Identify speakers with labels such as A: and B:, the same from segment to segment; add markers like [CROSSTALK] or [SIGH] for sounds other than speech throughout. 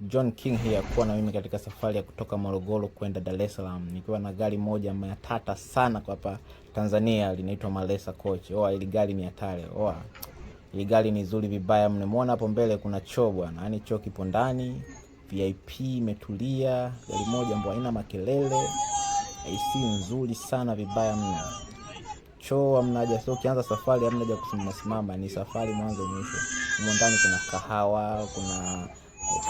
A: John King hii yakuwa na mimi katika safari ya kutoka Morogoro kwenda Dar es Salaam nikiwa na gari moja tata sana kwa hapa Tanzania linaitwa Malesa Coach. Oa, ili gari ni hatari. Oa, ili gari ni nzuri vibaya. Mnemuona hapo mbele kuna choo bwana, yaani choo kipo ndani, VIP imetulia, gari moja ambayo haina makelele, AC nzuri sana vibaya mno. Choo amna haja, sio kianza safari amna haja kusimama simama, ni safari mwanzo mwisho. Mwandani kuna kahawa, kuna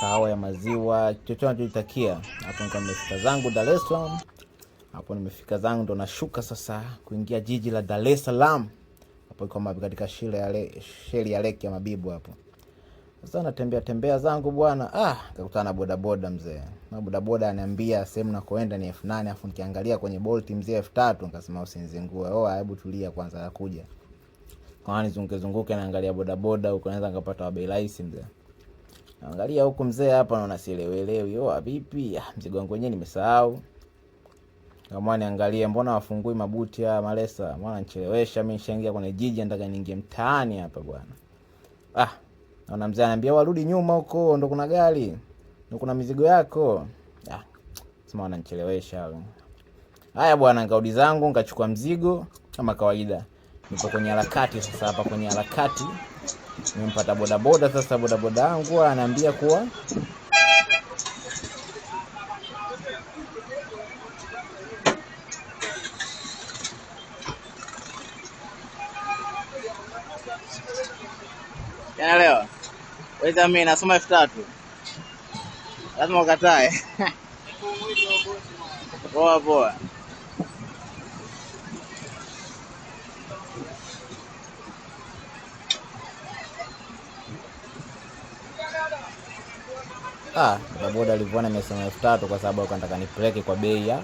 A: kahawa ya maziwa, chochote anachoitakia. Hapo nilikuwa nimefika zangu Dar es Salaam, hapo nimefika zangu ndo nashuka sasa kuingia jiji la Dar es Salaam. Hapo kama katika shule ya sheli ya leki ya mabibu hapo. Sasa natembea tembea zangu bwana, ah, nikakutana na bodaboda mzee. Na bodaboda ananiambia sehemu nakoenda ni elfu nane afu nikiangalia kwenye Bolt mzee elfu tatu nikasema usinizingue. Oh, hebu tulia kwanza nakuja. Kwa nini zunguke zunguke naangalia bodaboda huko naweza nikapata bei rahisi mzee. Angalia huku mzee hapa, naona sielewelewi. Oh, vipi? Ah, mzigo wangu wenyewe nimesahau. Kama niangalie, mbona wafungui mabuti haya Malesa? Mbona nichelewesha mimi, nishaingia kwenye jiji, nataka niingie mtaani hapa bwana. Ah, naona mzee ananiambia warudi nyuma huko, ndo kuna gari. Ndo kuna mizigo yako. Ah, sema wananichelewesha hao. Haya bwana, nikaudi zangu, nikachukua mzigo kama kawaida. Nipo kwenye harakati sasa hapa kwenye harakati nimempata bodaboda. Sasa bodaboda yangu anaambia kuwa Naelewa weza mimi nasoma elfu tatu lazima ukatae. [LAUGHS] Poa poa. Ah, boda bodaboda na imesema elfu tatu kwa sababu akataka nipeleke kwa bei ya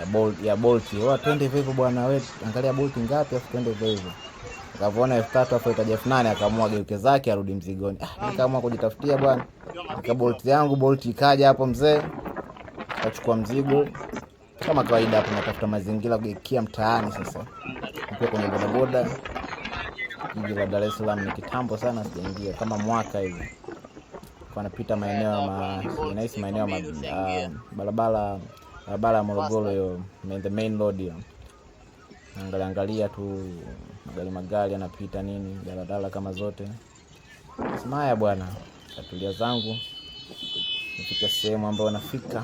A: ya Bolt ya Bolt. Oh, twende hivyo hivyo bwana wewe, angalia Bolt ngapi afu twende hivyo hivyo. Akavyoona elfu tatu afu ikaja elfu nane akaamua geuke zake arudi mzigoni. Ah, nikaamua kujitafutia bwana. ka Bolt yangu Bolt ikaja hapo mzee. Akachukua mzigo. Kama kawaida hapo natafuta mazingira kugeukia mtaani sasa. Nikiwa kwenye bodaboda. Jiji la Dar es Salaam ni kitambo sana sijaingia kama mwaka hivi panapita eh, maeneo ya nahisi maeneo ya ah, barabara barabara ya Morogoro hiyo the main road hiyo, angalia angalia tu magari magari yanapita nini, daladala kama zote. simaya bwana, katulia zangu, nifika sehemu ambayo nafika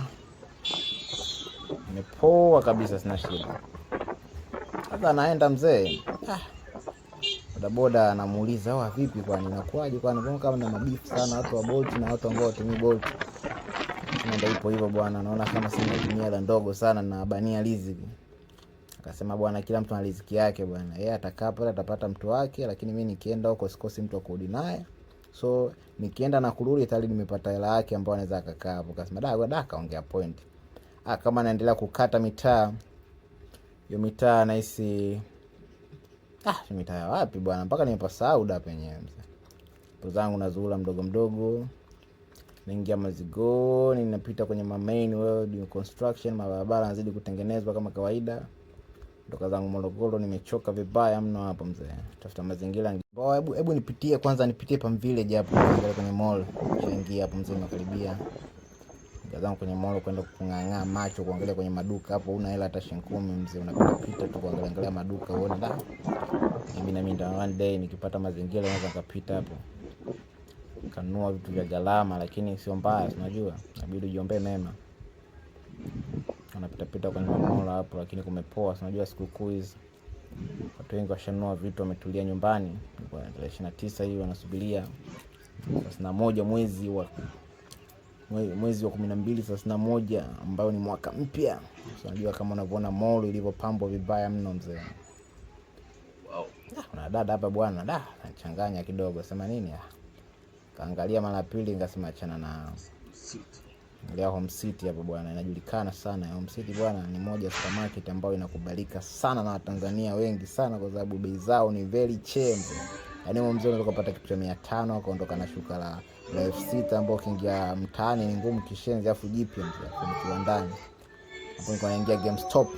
A: nimepoa kabisa, sina shida. Sasa anaenda mzee ah bodaboda anamuuliza oh, vipi kwani inakuaje? Kwani mbona kama na mabifu sana watu wa Bolt na watu ambao watumii Bolt. Ndio ipo hivyo bwana, naona kama sisi tunatumia la ndogo sana na bania lizi Akasema bwana, kila mtu ana riziki yake bwana, yeye atakaa pale atapata mtu wake, lakini mimi nikienda huko sikosi mtu akurudi naye. So nikienda na kurudi tayari nimepata hela yake ambayo anaweza akakaa hapo. Akasema da da, kaongea point. Ah, kama anaendelea kukata mitaa hiyo mitaa nahisi Ah, mitaa ya wapi bwana, mpaka nimepasahau da penyewe mzee. Po zangu zuhula mdogo mdogo, naingia mazigoni, napita kwenye ma main construction, mabarabara nazidi kutengenezwa kama kawaida. Ndoka zangu Morogoro nimechoka vibaya mno hapo mzee. Tafuta mazingira Hebu hebu nipitie kwanza, nipitie pa village hapo kwenye mall. Naingia hapo mzee, nakaribia zangu kwenye mall kwenda kung'ang'aa macho kuangalia kwenye maduka hapo, una hela hata shilingi kumi mzee, unapitapita tu kuangalia angalia maduka uone da, mimi na mimi ndio one day nikipata mazingira naweza nikapita hapo kanunua vitu vya gharama, lakini sio mbaya, unajua inabidi ujiombee mema. Unapita pita kwenye mall hapo, lakini kumepoa, unajua sikukuu hizi watu wengi washanunua vitu, wametulia nyumbani. Tarehe ishirini na tisa hii wanasubiria thelathini na moja mwezi wa mwezi wa kumi na mbili thelathini na moja ambayo ni mwaka mpya. Unajua kama unavyoona mall ilivyopambwa vibaya mno mzee. Wow. Kuna dada hapa bwana, da anachanganya kidogo, sema nini? Ah, kaangalia mara pili, ngasema achana na Lea Home City hapa bwana, inajulikana sana. Home City bwana ni moja supermarket ambayo inakubalika sana na Watanzania wengi sana kwa sababu bei zao ni very cheap. Yaani mzee unaweza kupata kitu cha 500 akaondoka na shuka la la elfu sita ambao ukiingia mtaani ni ngumu, kishenzi afu jipya kwenye kiwandani hapo. Niko naingia GameStop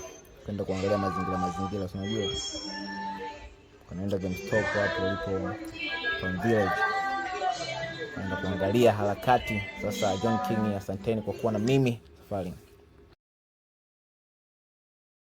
A: kwenda kuangalia mazingira, mazingira si unajua, kanaenda GameStop hapo ulipo Town Village kwenda kuangalia harakati. Sasa John King, asanteni kwa kuwa na mimi safari